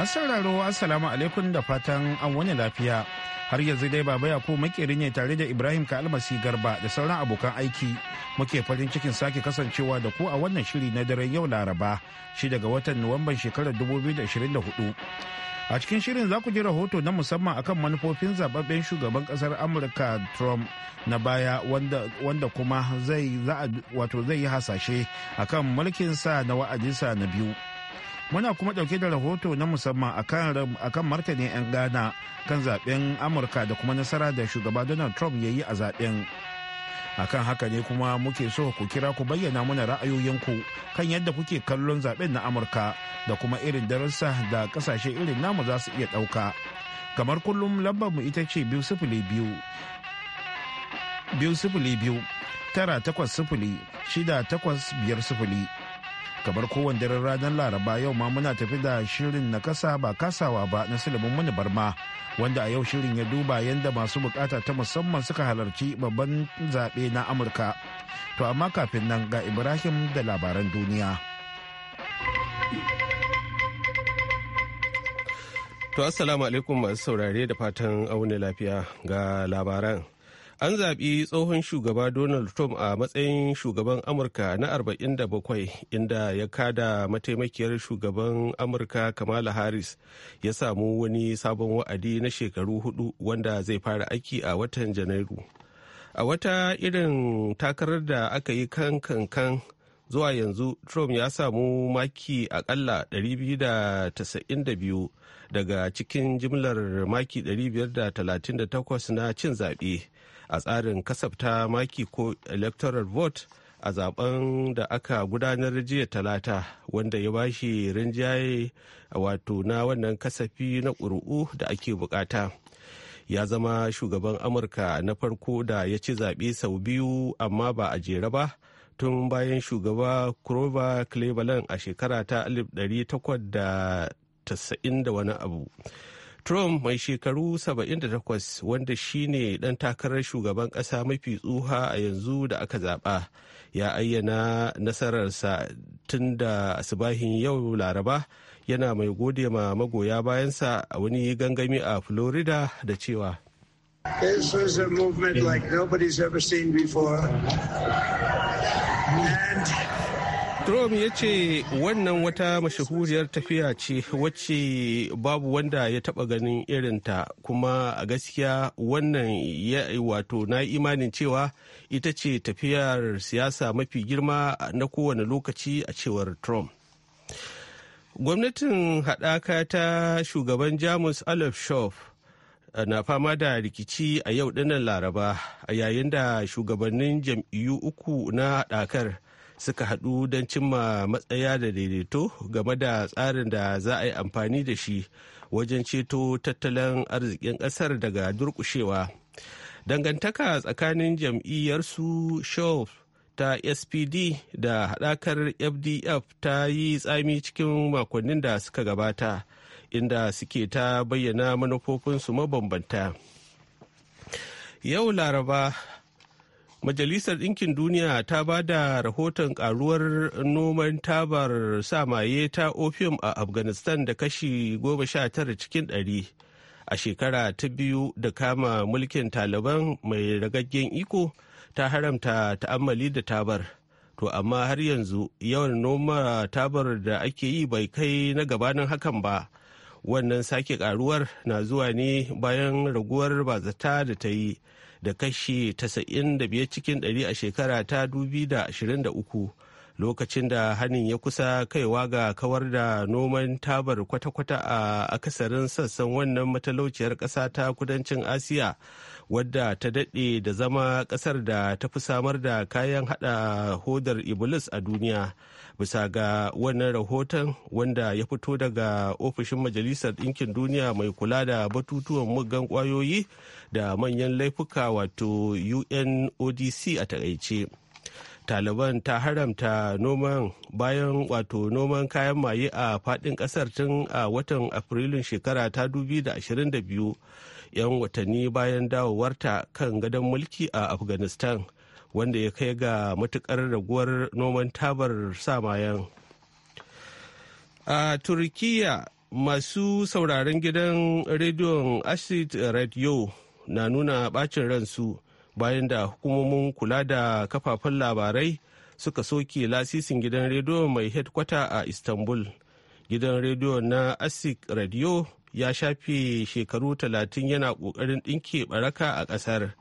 Masu sauraro Assalamu alaikum da fatan an wani lafiya. Har yanzu dai Baba Yakubu makeri ne tare da Ibrahim ka almasi Garba da sauran abokan aiki. Muke farin cikin sake kasancewa da ku a wannan shiri na daren yau Laraba, shi daga watan Nuwamban shekarar 2024. A cikin shirin za ku ji rahoto na musamman akan manufofin zababben shugaban kasar Amurka Trump na baya wanda, kuma wato zai yi hasashe akan mulkinsa na wa'adinsa na biyu. Muna kuma ɗauke da rahoto na musamman a akan martanin 'yan Ghana kan zaben Amurka da kuma nasara da shugaba Donald Trump ya yi a zaben. akan haka ne kuma muke so ku kira ku bayyana mana ra'ayoyinku kan yadda kuke kallon zaben na amurka da kuma irin darussa da kasashe irin namu za su iya ɗauka kamar kullum lambar mu ita ce biyu sifili biyu biyu sifili biyu tara takwas sifili shida takwas biyar sifili kamar kowane daren ranar laraba yau ma muna tafi da shirin na kasa ba kasawa ba na silimin mani barma wanda a yau shirin ya duba yadda masu bukata ta musamman suka halarci babban zaɓe na amurka to amma kafin nan ga ibrahim da labaran duniya to assalamu alaikum masu saurare da fatan auni lafiya ga labaran An zaɓi tsohon shugaba Donald Trump a matsayin shugaban Amurka na 47 inda ya kada mataimakiyar shugaban Amurka Kamala Harris ya samu wani sabon wa'adi na shekaru hudu wanda zai fara aiki a watan Janairu. A wata irin takarar da aka yi kan kankan zuwa yanzu Trump ya samu maki akalla 292 daga cikin jimlar maki 538 na cin zaɓe. a tsarin kasafta maki ko electoral vote a zaben da aka gudanar jiya talata wanda ya bashi rinjaye wato na wannan kasafi na ƙuri'u da ake bukata ya zama shugaban amurka na farko da ya ci zaɓe sau biyu amma ba a jere ba tun bayan shugaba Grover Cleveland a shekara ta 1890 da wani abu. Trump mai shekaru 78 wanda shine dan takarar shugaban kasa mafi tsuha a yanzu da aka zaba ya ayyana nasararsa tun da asibahin yau laraba yana mai gode ma magoya bayansa a wani gangami a Florida da cewa This is a movement like nobody's ever seen before. Trump ya ce wannan wata mashahuriyar tafiya ce wacce babu wanda ya taba ganin irinta kuma a gaskiya wannan ya wato na imanin cewa ita ce tafiyar siyasa mafi girma na kowane lokaci a cewar Trump. Gwamnatin haɗaka ta shugaban Jamus Olaf Scholz eh, na fama da rikici a yau ɗinnan laraba a yayin da shugabannin jam'iyyu uku na haɗakar suka haɗu don cimma matsaya da daidaito game da tsarin da za a yi amfani da shi wajen ceto tattalin arzikin ƙasar daga durƙushewa. Dangantaka tsakanin jam'iyyarsu Shaw ta SPD da haɗakar FDF ta yi tsami cikin makonnin da suka gabata, inda suke ta bayyana manufofinsu mabambanta. Yau Laraba Majalisar Ɗinkin Duniya ta ba da rahoton karuwar noman tabar samaye ta opium a Afghanistan da kashi goma sha tara cikin ɗari a shekara ta biyu da kama mulkin Taliban mai ragaggen iko ta haramta ta'ammali da tabar. To amma har yanzu yawan noma tabar da ake yi bai kai na gabanin hakan ba. Wannan sake karuwar na zuwa ne bayan raguwar bazata da ta yi. da kashi 95 cikin 100 a shekara ta 2023 lokacin da hanin ya kusa kaiwa ga kawar da noman tabar kwata-kwata a akasarin sassan wannan matalauciyar ƙasa ta kudancin asiya wadda ta daɗe da zama ƙasar da ta fi samar da kayan hada hodar iblis a duniya bisa ga wannan rahoton wanda ya fito daga ofishin majalisar ɗinkin duniya mai kula da batutuwan muggan kwayoyi da manyan laifuka wato unodc a taƙaice taliban ta haramta noman bayan wato noman kayan maye a faɗin ƙasar tun a watan afrilun shekara ta 2022 'yan watanni bayan dawowarta kan gadon mulki a afghanistan wanda ya kai ga matukar raguwar noman tabar samayan a turkiyya masu sauraron gidan rediyon acid radio na nuna bacin ransu bayan da hukumomin kula da kafafen labarai suka soke lasisin gidan rediyo mai headkwata a istanbul gidan rediyo na asik radio ya shafe shekaru talatin yana kokarin ɗinke baraka a ƙasar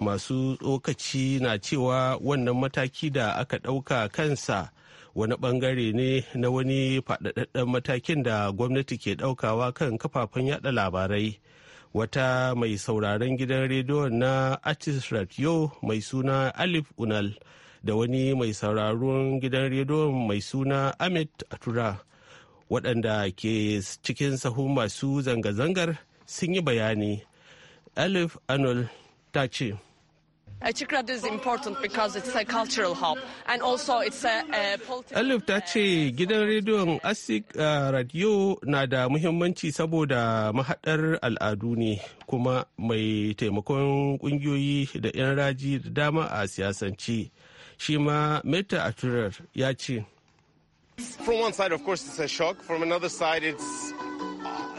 masu tsokaci na cewa wannan mataki da aka ɗauka kansa wani bangare ne na wani faɗaɗɗen matakin da gwamnati ke ɗaukawa kan kafafen yada labarai wata mai sauraron gidan rediyon na artist radio mai suna alif unal da wani mai sauraron gidan rediyon mai suna amit atura waɗanda ke cikin sahun masu zanga-zangar sun yi bayani alif anul ta ce Chikrat is important because it's a cultural hub and also it's a, a political... Alif ta ce gidan rediyon Asik Radio na da muhimmanci saboda mahaɗar al'adu ne kuma mai taimakon ƙungiyoyi da 'yan raji da dama a siyasance. Shi ma Meta Aturar ya ce. From one side of course it's a shock, from another side it's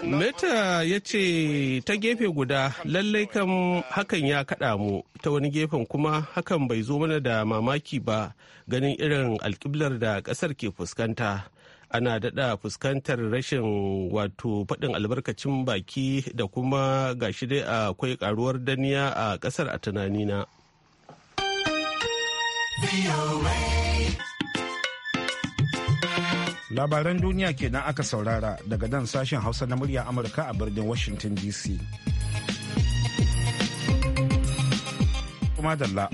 Meta ya ce ta gefe guda lallai kan hakan ya kaɗa mu ta wani gefen kuma hakan bai zo mana da mamaki ba ganin irin alƙiblar da ƙasar ke fuskanta. ana daɗa fuskantar rashin wato faɗin albarkacin baki da kuma gashi dai akwai ƙaruwar daniya a ƙasar a tunanina. labaran duniya kenan aka saurara daga nan sashen hausa na murya amurka a birnin washington dc kuma dalla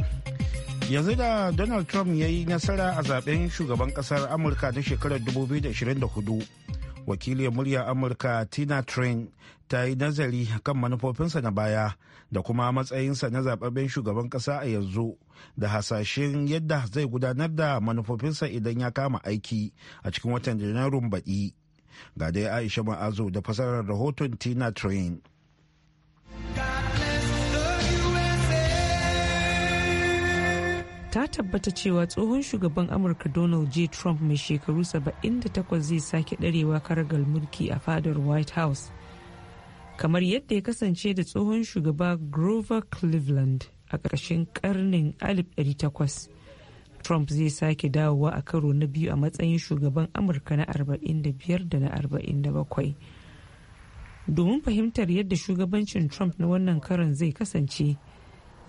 yanzu da donald trump ya yi nasara a zaben shugaban kasar amurka na shekarar 2024 wakiliyar murya amurka tina train ta yi nazari kan manufofinsa na baya da kuma matsayinsa na zababben shugaban kasa a yanzu da hasashen yadda zai gudanar da manufofinsa idan ya kama aiki a cikin watan janairun baɗi ga dai aisha ma'azo da fasarar rahoton tina train ta tabbata cewa tsohon shugaban amurka donald j trump mai shekaru 78 zai sake ɗarewa karagal mulki a fadar white house kamar yadda ya kasance da tsohon shugaba grover cleveland a ƙarshen karnin 1800 trump zai sake dawowa a karo na biyu a matsayin shugaban amurka na 45 da na 47 domin fahimtar yadda shugabancin trump na wannan karan zai kasance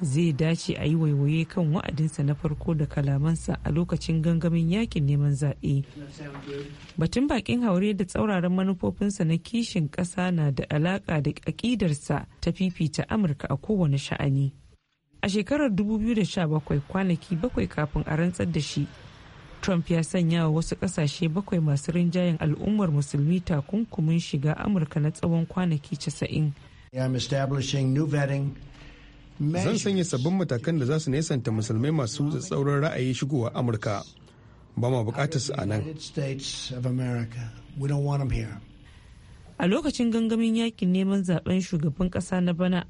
zai dace a yi waiwaye kan wa'adinsa na farko da kalamansa a lokacin gangamin yakin neman zaɓe. Batun bakin haure da tsauraran manufofinsa na kishin ƙasa na da alaƙa da ƙaƙidarsa ta fifita Amurka a kowane sha'ani. A shekarar 2017 kwanaki bakwai kafin a rantsar da shi, Trump ya sanya wa wasu ƙasashe bakwai masu rinjayen al'ummar musulmi takunkumin shiga Amurka na tsawon kwanaki 90. zan sanya sabbin matakan da za su nesanta musulmai masu tsauran ra'ayi shigowa amurka ba ma bukatar su a nan a lokacin gangamin yakin neman zaben shugaban kasa na bana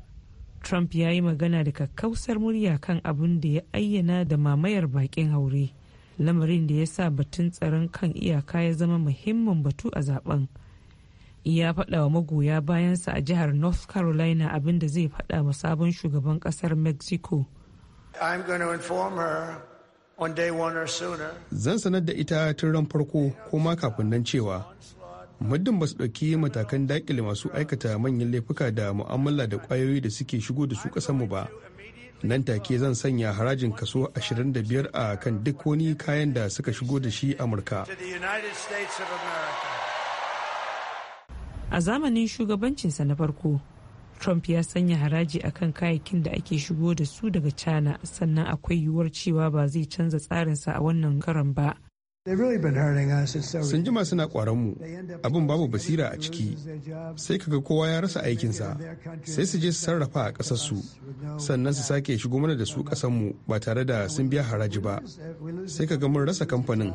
trump ya yi magana da kakkausar murya kan abin da ya ayyana da mamayar bakin haure lamarin da ya sa batun tsaron kan iyaka ya zama muhimmin batu a zaben. ya faɗa wa magoya bayansa a jihar north carolina abin da zai faɗa wa sabon shugaban ƙasar mexico zan sanar da ita tun ran farko ko ma kafin nan cewa muddin ba su ɗauki matakan daƙile masu aikata manyan laifuka da mu'amala da kwayoyi da suke shigo da su kasanmu ba nan take zan sanya harajin kaso 25 a kan duk wani kayan da suka shigo da shi amurka a zamanin shugabancinsa na farko trump ya sanya haraji a kan kayayyakin da ake shigo da su daga china sannan akwai yiwuwar cewa ba zai canza tsarinsa a wannan karon ba sun jima suna mu abin babu basira a ciki sai kaga kowa ya rasa aikinsa sai su je su sarrafa a ƙasarsu sannan su sake shigo mana da su ƙasarmu ba tare da sun biya haraji ba sai kaga mun rasa kamfanin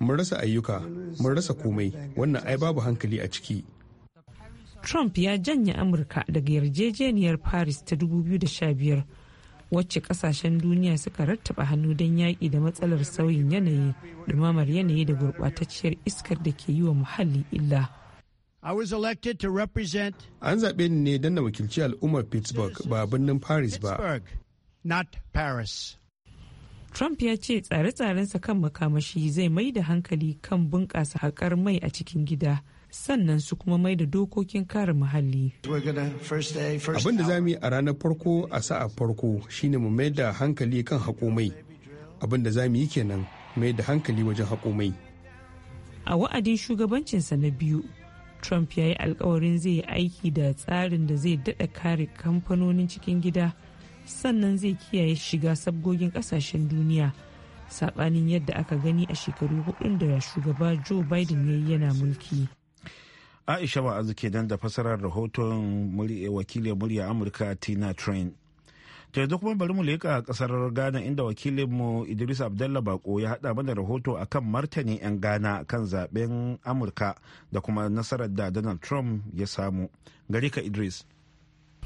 mun rasa ayyuka mun rasa komai wannan ai babu hankali a ciki Trump ya janye Amurka daga yarjejeniyar Paris ta 2015 wacce kasashen duniya suka rattaba hannu don yaƙi da matsalar sauyin yanayi, dumamar yanayi da gurɓatacciyar iskar da ke yi wa muhalli illa. An zaɓe ni ne don na wakilci al'ummar Pittsburgh ba birnin Paris ba. Trump ya ce tsare-tsarensa kan makamashi zai mai da hankali kan bunƙasa haƙar mai a cikin gida. sannan su kuma mai da dokokin kare muhalli. Abin da za mu yi a ranar farko a sa'a farko shine mu mai da hankali kan haƙomai. Abin da za mu yi kenan mai da hankali wajen haƙomai. A wa'adin shugabancinsa na biyu, Trump ya yi alkawarin zai yi aiki da tsarin da zai daɗa kare kamfanonin cikin gida sannan zai kiyaye shiga sabgogin ƙasashen duniya saɓanin yadda aka gani a shekaru hudun da shugaba Joe Biden ya yi yana mulki. aisha ma'azu kenan da fasarar rahoton eh, wakilin murya amurka tina train to yanzu kuma bari mu leƙa ƙasar ghana inda wakilinmu idris abdallah bako ya haɗa mana rahoto a kan martani 'yan ghana kan zaɓen amurka da kuma nasarar da donald trump ya samu gari ka idris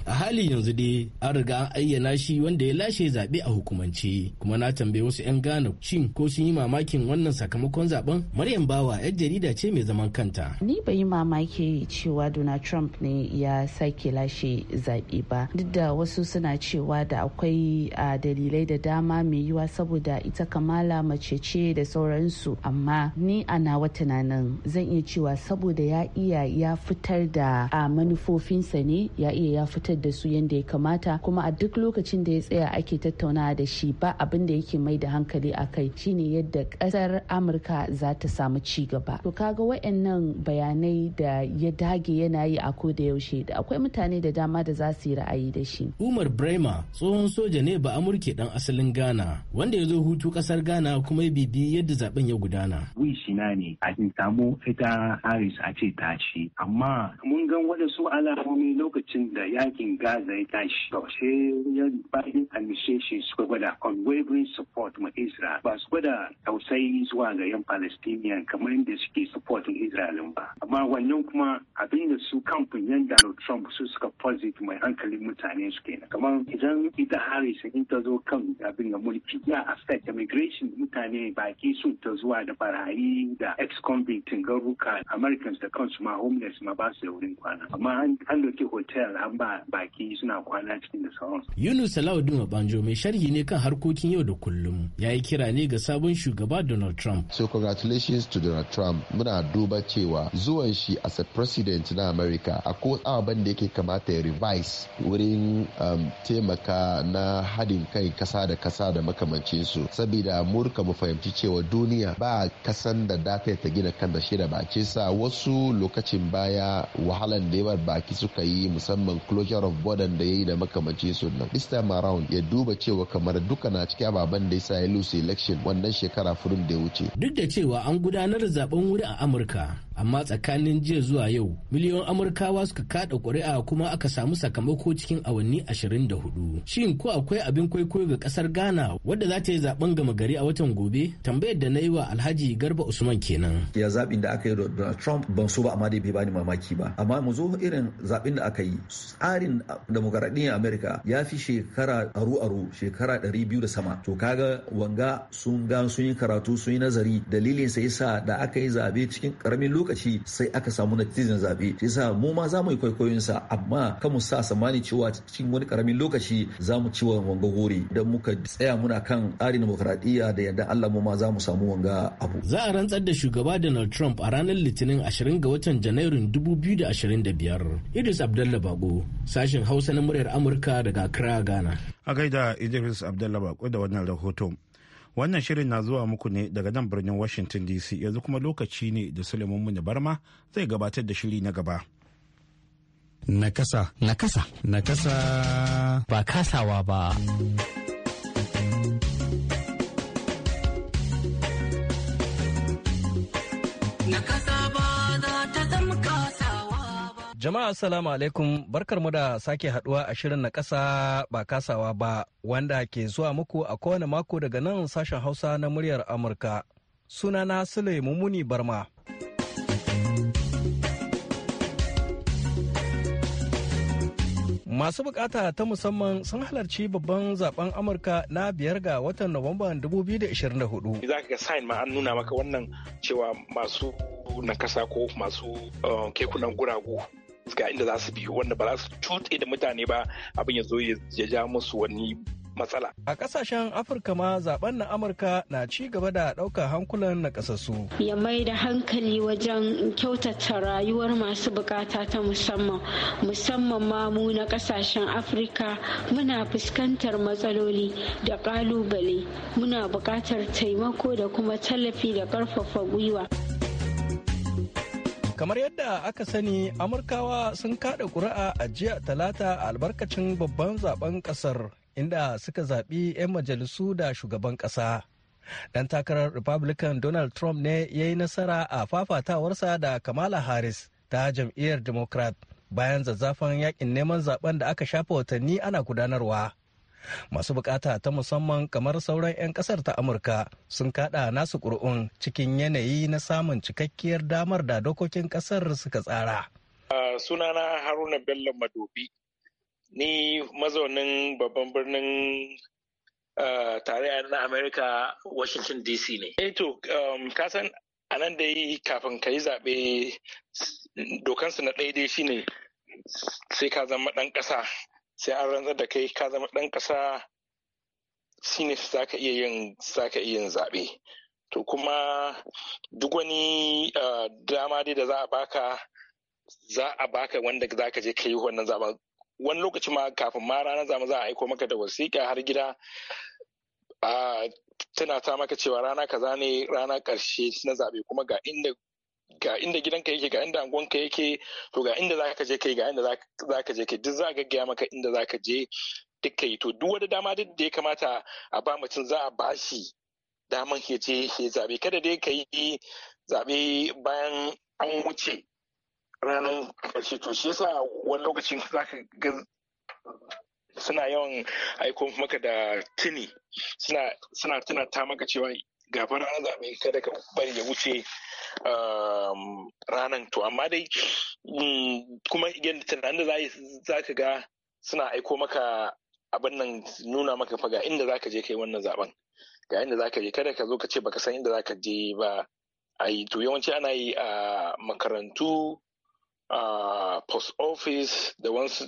a hali yanzu dai an riga an ayyana shi wanda ya lashe zaɓe a hukumance kuma na tambayi wasu 'yan gana shin ko sun yi mamakin wannan sakamakon zaben Maryam Bawa 'yar jarida ce mai zaman kanta. Ni bai yi mamaki cewa Donald Trump ne ya sake lashe zaɓe ba duk da wasu suna cewa da akwai a dalilai da dama mai yiwa saboda ita Kamala mace ce da sauransu amma ni ana nawa tunanin zan iya cewa saboda ya iya ya fitar da manufofinsa ne ya iya ya fitar gabatar da su yadda ya kamata kuma a duk lokacin da ya tsaya ake tattaunawa da shi ba abin da yake mai da hankali a kai shine yadda kasar amurka za ta samu ci gaba to kaga wayannan bayanai da ya dage yana yi a da yaushe da akwai mutane da dama da za su yi ra'ayi da shi umar brema tsohon soja ne ba amurke dan asalin ghana wanda ya zo hutu kasar ghana kuma ya bibi yadda zaben ya gudana na ne a samu ita harris a ce ta ci amma mun gan wadansu alamomi lokacin da yaki in gaza ya tashi to sai yan bayan administration suka gwada unwavering support ma israel ba su gwada tausayi zuwa ga yan palestinian kamar yadda suke supporting israel ba amma wannan kuma abin da su kamfin yan donald trump su suka posit mai hankalin mutane su kenan kamar idan ita harris in ta zo kan abin da mulki ya affect immigration mutane baki sun ta zuwa da barayi da ex-convict garuka americans da kansu ma homeless ma ba su da wurin kwana amma an doke hotel an ba baki suna kwana cikin da sauransu. Yunus Salahuddin Obanjo mai sharhi ne kan harkokin yau da kullum ya yi kira ne ga sabon shugaba Donald Trump. So congratulations to Donald Trump muna duba cewa zuwan shi as a president na America a ko ban da yake kamata ya revise wurin um, taimaka na haɗin kai kasa da kasa da makamancinsu saboda murka mu fahimci cewa duniya ba kasan da data ta gina kan da shi da bakinsa wasu lokacin baya wahalan da baki suka yi musamman close care bodan da ya yi da makamancin sunan mr this time ya duba cewa kamar duka na cikin ababen da yasa ya lose election wannan shekara furin da ya wuce duk da cewa an gudanar da zaben wuri a amurka amma tsakanin jiya zuwa yau miliyon amurkawa suka kada ƙuri'a kuma aka samu sakamako cikin awanni 24 shin ko akwai abin kwaikwayo ga kasar ghana wadda za ta yi zaben gama gari a watan gobe tambayar da na yi wa alhaji garba usman kenan ya zaɓin da aka yi donald trump ban so ba amma dai bai bani mamaki ba amma mu zo irin zaɓin da aka yi tsarin demokaradiyyar Amerika ya fi shekara aru-aru shekara 200 da sama. To kaga wanga sun ga sun yi karatu sun yi nazari dalilin sai sa da aka yi zabe cikin karamin lokaci sai aka samu natijan zabe. Shi sa mu ma za mu yi kwaikwayon sa amma kan mu sa samani cewa cikin wani karamin lokaci za mu ci wanga gori idan muka tsaya muna kan tsarin demokaradiyya da yadda Allah mu ma za mu samu wanga abu. Za a rantsar da shugaba Donald Trump a ranar Litinin 20 ga watan Janairun 2025. Idris Abdullahi Bago Sashen Hausa na muryar Amurka daga Accra, Ghana. A gaida Idris Abdullah Bako da wannan rahoto. Wannan shirin na zuwa muku ne daga nan birnin Washington DC yanzu kuma lokaci ne da Suleiman Muni Barma zai gabatar da shiri na gaba. Nakasa. Nakasa. Nakasa. Ba kasawa ba. Jama'a assalamu alaikum mu da sake haduwa a shirin na kasa ba kasawa ba wanda ke zuwa muku a kowane mako daga nan sashen Hausa na muryar Amurka. Sunana Sule Mumuni Barma. Masu bukata ta musamman sun halarci babban zaben Amurka na biyar ga watan nuwamba 2024. Za ka sign ma an nuna maka wannan cewa masu na kasa ko masu uh, kekunan guragu ga inda za su bi wanda ba za su cutse da mutane ba abin ya zo ya ja musu wani matsala. A kasashen Afirka ma zaben na Amurka na ci gaba da ɗaukar hankulan na ƙasasu. Ya mai da hankali wajen kyautata rayuwar masu bukata ta musamman. Musamman ma mu na kasashen Afirka muna fuskantar matsaloli da ƙalubale. Muna buƙatar taimako da kuma tallafi da ƙarfafa gwiwa. kamar yadda aka sani amurkawa sun kada ƙuri'a a jiya talata a albarkacin babban zaben ƙasar inda suka zaɓi 'yan majalisu da shugaban ƙasa dan takarar republican donald trump ne ya yi nasara a fafatawarsa da kamala harris ta jam'iyyar democrat bayan zazzafan yakin neman zaben da aka shafa watanni ana gudanarwa masu bukata ta musamman kamar sauran 'yan kasar ta amurka sun kada nasu ƙuri'un cikin yanayi na samun cikakkiyar damar da dokokin kasar suka tsara sunana haruna bello madobi ni mazaunin babban birnin tarayya na america washington dc ne eto eh um, kasan a nan da yi kafin ka yi zaɓe dokansu na ɗaya dai shine sai ka zama ɗan ƙasa sai an rantsar da kai ka zama ɗan ƙasa shine za ka iya yin zaɓe to kuma duk wani dama dai da za a baka za a baka wanda za ka je ka wannan zaɓen wani lokaci ma kafin ma ranar zama za a aiko maka da wasiƙa har gida tana ta maka cewa rana kaza ne rana ƙarshe na zaɓe kuma ga inda ga inda gidanka yake ga inda angonka yake to ga inda zaka je kai ga inda zaka je kai duk za ga gaya maka inda zaka je duk kai to duk wani dama duk da ya kamata a ba mutum za a bashi daman ya je ya zabe kada dai ka yi zabe bayan an wuce ranar ƙarshe to shi yasa wani lokacin zaka ga suna yawan aiko maka da tuni suna tunata maka cewa gafar an zaɓe kada ka bari ya wuce um, ranan to amma dai mm, kuma yadda tunanin da za ka ga suna aiko maka abin nan nuna maka faga inda za ka je kai wannan zaben ga inda za ka je kada ka zo ka ce baka san inda za ka je ba a yi to yawanci ana yi a makarantu a post office da wansu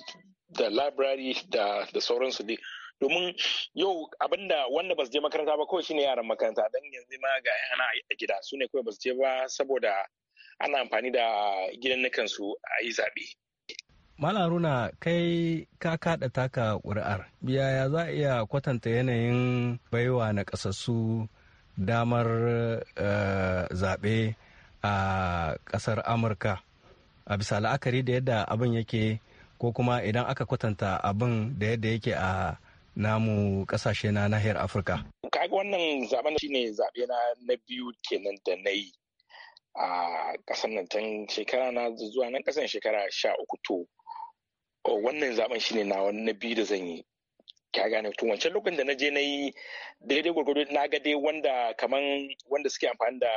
da library da sauransu dai domin yau abinda wanda ba su je makaranta ba kawai shine yaran makaranta dan yanzu ma ga yana a gida su ne kawai ba su je ba saboda ana amfani da gidan su a yi zaɓe. Malam Haruna kai ka kaɗa taka ƙuri'ar. Yaya za a iya kwatanta yanayin baiwa na ƙasassu damar eh, zaɓe a ƙasar Amurka a bisa la'akari da yadda abin yake ko kuma idan aka kwatanta abin da yadda yake a namu kasashe na nahiyar afirka kaga wannan zaben shine zaɓe na na biyu kenan da na yi a ƙasar nan tun shekara na zuwa nan kasan shekara sha uku to wannan zaben shine na wani na biyu da zan yi ka gane to wancan lokacin da na je na yi daidai gwargwado na ga dai wanda kaman wanda suke amfani da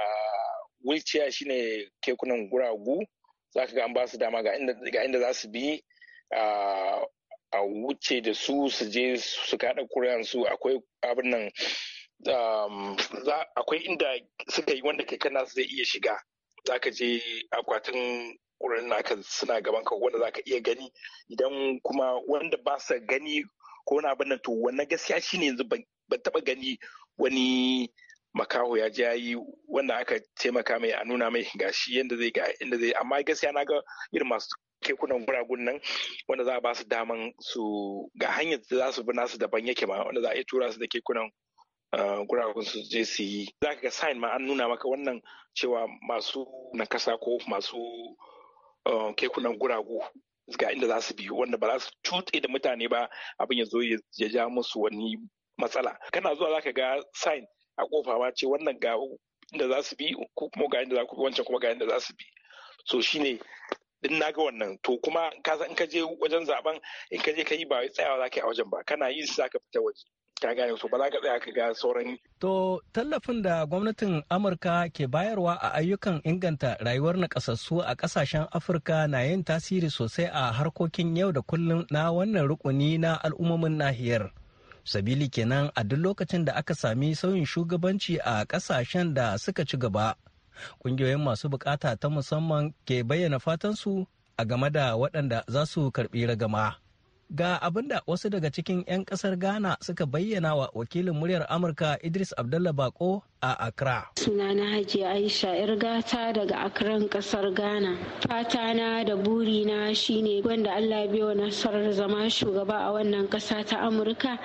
wheelchair shine kekunan guragu za ka ga an ba su dama ga inda za su bi a wuce da su su je su kaɗa su akwai abin nan um, akwai inda suka yi wanda kai kana zai iya shiga za ka je akwatin wurin naka suna gaban ka wanda za ka iya gani idan kuma wanda ba sa gani ko wani abin nan to wannan gaskiya shine yanzu ban taba gani wani makaho ya ji yi wanda aka taimaka mai a nuna mai gashi yadda zai ga inda zai amma gaskiya na ga irin masu kekunan guragun nan wanda za a ba su daman su ga hanyar da za su bi nasu daban yake ma wanda za a iya tura su da kekunan ah, guragun su je su yi za ka ga sign ma an nuna maka wannan cewa masu nakasa ko masu ah, kekunan guragu ga inda za su biyu wanda ba za su tutse da mutane ba abin ya zo ya ja musu wani matsala kana zuwa za ka ga sign a kofa ma ce wannan ga inda za su bi ko kuma ga inda za ku wancan kuma ga inda za su bi so shine din naga wannan to kuma ka san ka je wajen zaben in ka je ka yi ba wai tsayawa za ka yi a wajen ba kana yin za ka fita waje ka gane su ba za ka tsaya ka ga sauran. To tallafin da gwamnatin Amurka ke bayarwa a ayyukan inganta rayuwar na nakasassu a kasashen Afirka na yin tasiri sosai a harkokin yau da kullum na wannan rukuni na al'ummomin nahiyar. Sabili kenan a duk lokacin da aka sami sauyin shugabanci a kasashen da suka ci gaba Ƙungiyoyin masu bukata ta musamman ke bayyana fatansu a game da waɗanda za su karɓi ragama. Ga abin da wasu daga cikin 'yan ƙasar Ghana suka bayyana wa wakilin muryar Amurka Idris Abdullah Bako a Accra. Sunana Hajiya Aisha Irgata daga Akran kasar Ghana. Fata na da buri na shine wanda Allah ya wa nasarar zama shugaba a wannan kasa ta Amurka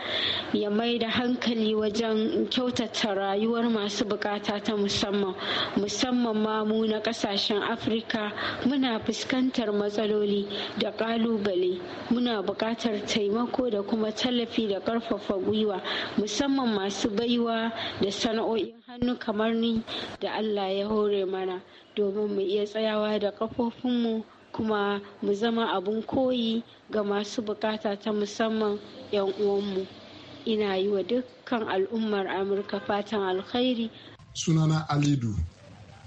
ya mai da hankali wajen kyautata rayuwar masu bukata ta musamman musamman ma mu na kasashen Afrika. muna fuskantar matsaloli da kalubale muna buƙatar taimako da kuma tallafi da ƙarfafa gwiwa musamman masu baiwa da sana'o'in hannu kamar ni da Allah ya hore mana domin mu iya tsayawa da ƙafofinmu kuma mu zama abin koyi ga masu bukata ta musamman 'yan uwanmu. Ina yi wa dukkan al'ummar Amurka fatan alkhairi. Sunana Alidu,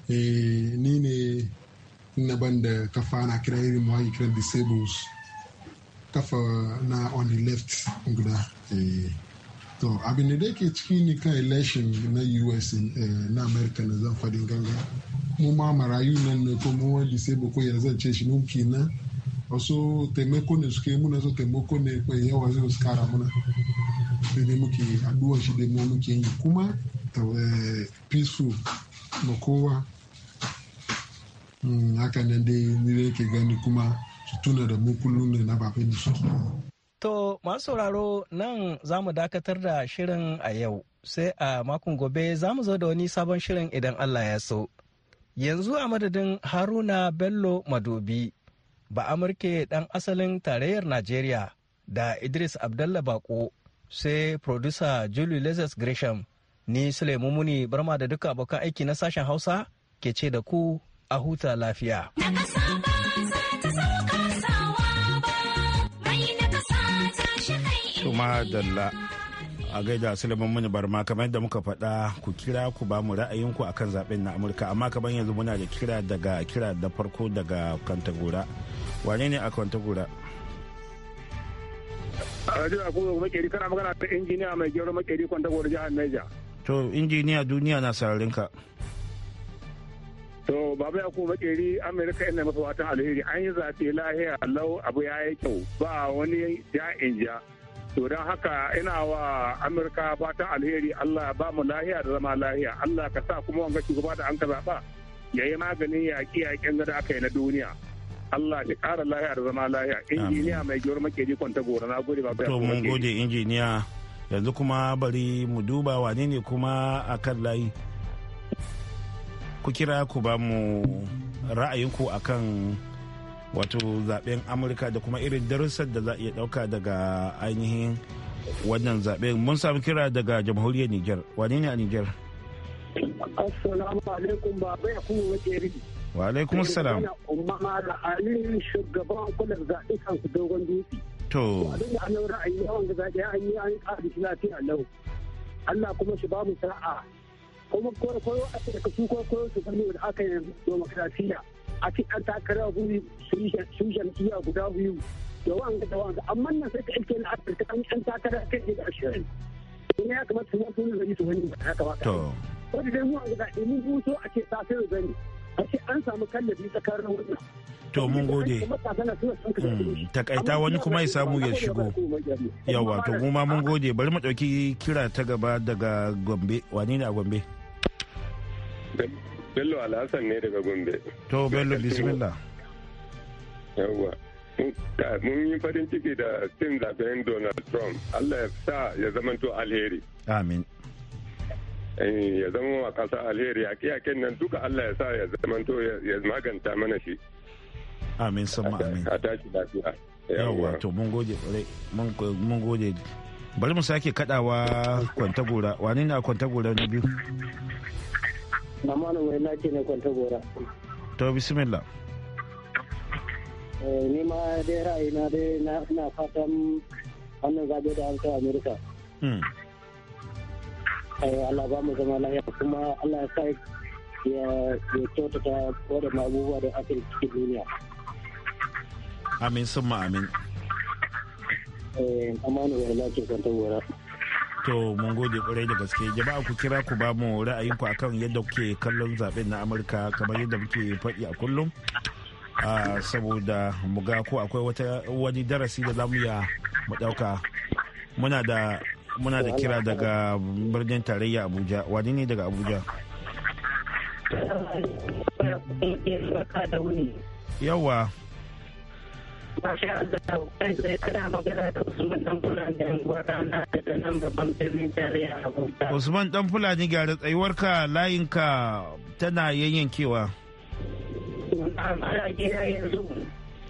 e, ni ne na ban da kafa na kira irin kiran kira disables kafa na on the left guda. E, to abin da ke ciki ni kan election na us eh, na america na zan fadin ganga mu ma marayu nan ne ko mu wani disable ko yanzu zan ce shi mun kenan wasu taimako ne suke muna so taimako ne kai yawa zai su kara muna sai dai muke aduwa shi dai mu muke yi kuma eh, peaceful ma kowa hmm, haka nan dai ni da ke gani kuma su tuna da mu kullum ne na bafe da To masu sauraro nan za mu dakatar da shirin a yau sai a makon gobe za mu zo da wani sabon shirin idan Allah ya so. Yanzu a madadin Haruna Bello Madobi, ba Amurke ɗan asalin tarayyar Najeriya da Idris Abdalla Bako sai producer Julie lezes Gresham ni Sulaimu Muni barma da duka abokan aiki na sashen Hausa ke ce da ku a huta lafiya. Kuma madalla a gaida sulaiman muni barma kamar yadda muka faɗa ku kira ku ba mu ra'ayinku kan zaɓen na amurka amma kamar yanzu muna da kira daga kira da farko daga kantagora wane ne a kantagora a ta injiniya mai jihar to injiniya duniya na sararin ka to babu ya kuma makeri amerika ina masa watan alheri an yi zafi lahiya lau abu ya yi kyau ba wani ja in ja to don haka ina wa amurka fatan alheri allah ba mu lahiya da zama lahiya allah ka sa kuma wanga shugaba da an ka zaɓa ya yi maganin yaƙi yaƙin gada aka yi na duniya Allah ya ƙara lahiya da zama lahiya injiniya mai gwiwar makeri kwanta gora na gode ba to mun gode injiniya yanzu kuma bari mu duba wane ne kuma a kan layi ku kira ku ba mu ra'ayinku akan wato zaben amurka da kuma irin darussan da za a iya dauka daga ainihin wannan zaben mun sami kira daga jamhuriyar niger wane ne a niger assalamu alaikum baba ya kuma makeri wa alaikum salam umma da ali shugaban kula zaɓe kan su dogon dutse to abin da an ra'ayi yawan da zaɓe an yi an ƙara shi lafiya lau Allah kuma shi babu sa'a kuma koyo a cikin su koyo su gano da aka yi demokrasiya a ce an takara sun su jam'iyya guda biyu da wanga da wanga amma nan sai ka ake na afirka an yan takara kai da ashirin kuma ya kamata su wasu wani zari su wani ba haka ba wanda dai mu wanga da eh, mun buso a ce ta sai zani a ce an samu kallafi tsakanin wannan to mun gode hmm, takaita wani kuma ya samu ya shigo yawa to mu ma mun gode bari mu dauki kira ta gaba daga gombe wani ne a gombe Bello Alhassan ne daga Gombe. To Bello bismillah. Yawwa. Mun yi farin ciki da cin zaben Donald Trump. Allah ya sa ya zamanto alheri. Amin. Eh, ya zama wa kasa alheri a kiyakin nan duka Allah ya sa ya zama to ya maganta mana shi. Amin sama amin. A tashi lafiya. Yawwa to mun gode mun goje bari mu sake kadawa kwantagora wani na a kwantagora na biyu na malam mai lace ne kwanta gora to bismillah eh, ni ma dai ra'ayi na dai na fatan wannan zaɓe da an kai amurka hmm. eh, Allah ba mu zama lafiya kuma Allah ya sa ya ya kyautata waɗanda abubuwa da aka cikin duniya. Amin sun ma amin. Eh, Amanu wa Allah ke kwanta gora. to mun gode kwarai da gaske jama'a ku kira ku ba mu ra'ayinku akan yadda kuke kallon zaben na amurka kamar yadda muke faɗi a kullum saboda mu ga ko akwai wata wani darasi da zamu ya mu ɗauka muna da muna da kira daga birnin tarayya abuja wani ne daga abuja yawa masha Allah kai zai kana magana da Usman dan Fulani yan gwadana daga nan babban birnin tarayya Abuja. Usman dan Fulani gyara tsayuwarka layinka tana yayyankewa.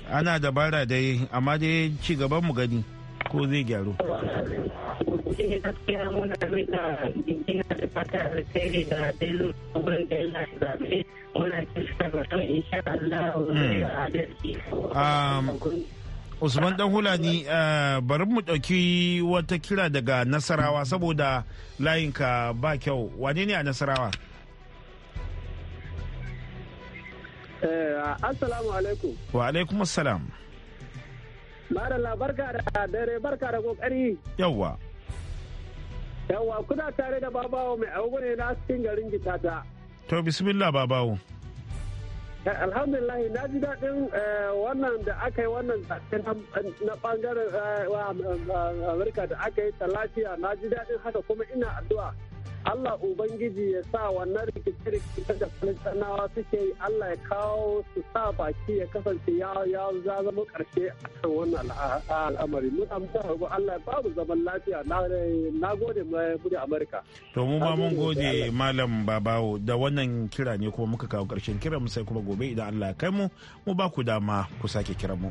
Ana dabara dai amma dai ci gaban mu gani ko zai gyaru. muna um, Usman dan Hulani uh, bari mu ɗauki wata kira daga Nasarawa saboda layinka ba kyau wane ne a Nasarawa? Eh, assalamu alaikum. Wa alaikum assalam. Mara barka da dare barka da kokari. Yawwa. Yawwa kuna tare da babawo mai agogo ne na cikin garin gitata. To bismillah babawo. Eh, alhamdulillah na ji daɗin eh, wannan da aka yi wannan na ɓangaren eh, Amurka da aka yi ta lafiya na ji daɗin haka kuma ina addu'a Allah Ubangiji ya sa wannan rikice-rikice da Falistanawa suke yi Allah ya kawo su sa baki ya kasance ya ya zama karshe a kan wannan al'amari. Mun amsa ga Allah babu zaman lafiya na gode mu Amurka. To mu ma mun gode Malam Babawo da wannan kira ne kuma muka kawo karshen kiran mu sai kuma gobe idan Allah ya kai mu mu ba ku dama ku sake kiran mu.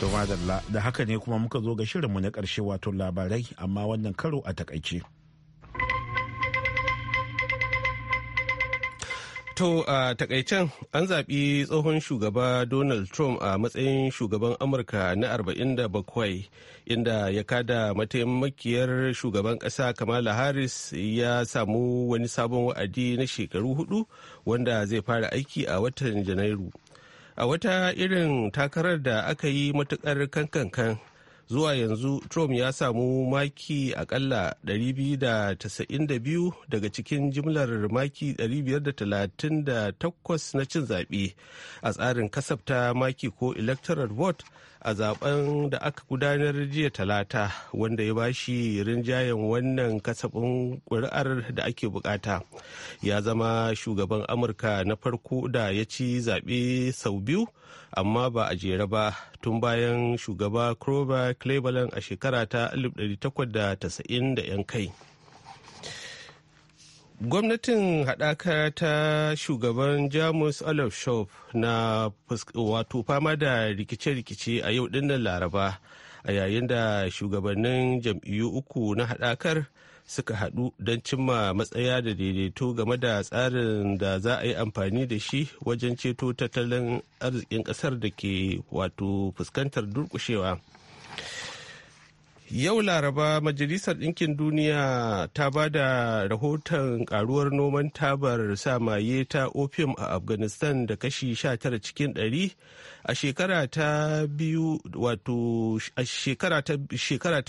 To madalla da haka ne kuma muka zo ga mu na ƙarshe wato labarai amma wannan karo a takaice. To a takaicen an zaɓi tsohon shugaba Donald Trump a matsayin shugaban Amurka na 47 inda ya kada mataimakiyar shugaban ƙasa Kamala Harris ya samu wani sabon wa'adi na shekaru hudu wanda zai fara aiki a watan Janairu. a wata irin takarar da aka yi matukar kankan zuwa yanzu trump ya samu maki akalla 292 daga cikin jimlar maki 538 na cin zaɓe a tsarin kasafta maki ko electoral vote a zaben da aka gudanar jiya talata wanda ya bashi rinjayen wannan kasafin ƙuri'ar da ake bukata ya zama shugaban amurka na farko da ya ci zaɓe sau biyu amma ba a jere ba tun bayan shugaba Grover Cleveland a shekara ta 1890 da 'yan kai. gwamnatin haɗaka ta shugaban jamus olaf shop na wato fama da rikice-rikice a yau dinnan laraba a yayin da shugabannin jam'iyyu uku na haɗakar suka haɗu don cimma matsaya da daidaito game da tsarin da za a yi amfani da shi wajen ceto tattalin arzikin ƙasar da ke wato fuskantar durƙushewa. Yau Laraba Majalisar Ɗinkin Duniya ta ba da rahoton karuwar noman tabar samaye ta opium a Afghanistan da kashi 19 cikin 100 a shekara ta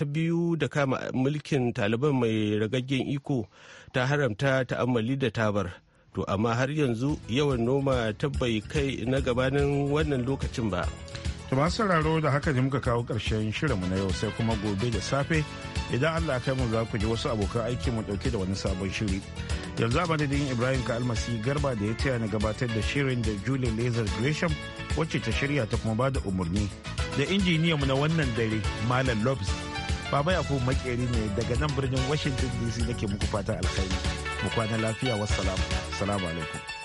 biyu da kama mulkin Taliban mai ragaggen iko ta haramta ta'ammali da tabar. To amma har yanzu yawan noma ta bai kai na gabanin wannan lokacin ba. masu sauraro da haka ne muka kawo ƙarshen shirinmu na yau sai kuma gobe da safe idan Allah kai mu za ku ji wasu abokan aiki mu ɗauke da wani sabon shiri. Yanzu a madadin Ibrahim ka almasi garba da ya taya na gabatar da shirin da Julie Lazar Gresham wacce ta shirya ta kuma bada umarni da mu na wannan dare Malam Lobs. Baba Yakubu Makeri ne daga nan birnin Washington DC nake muku fata alkhairi. Mu kwana lafiya wasalam Assalamu alaikum.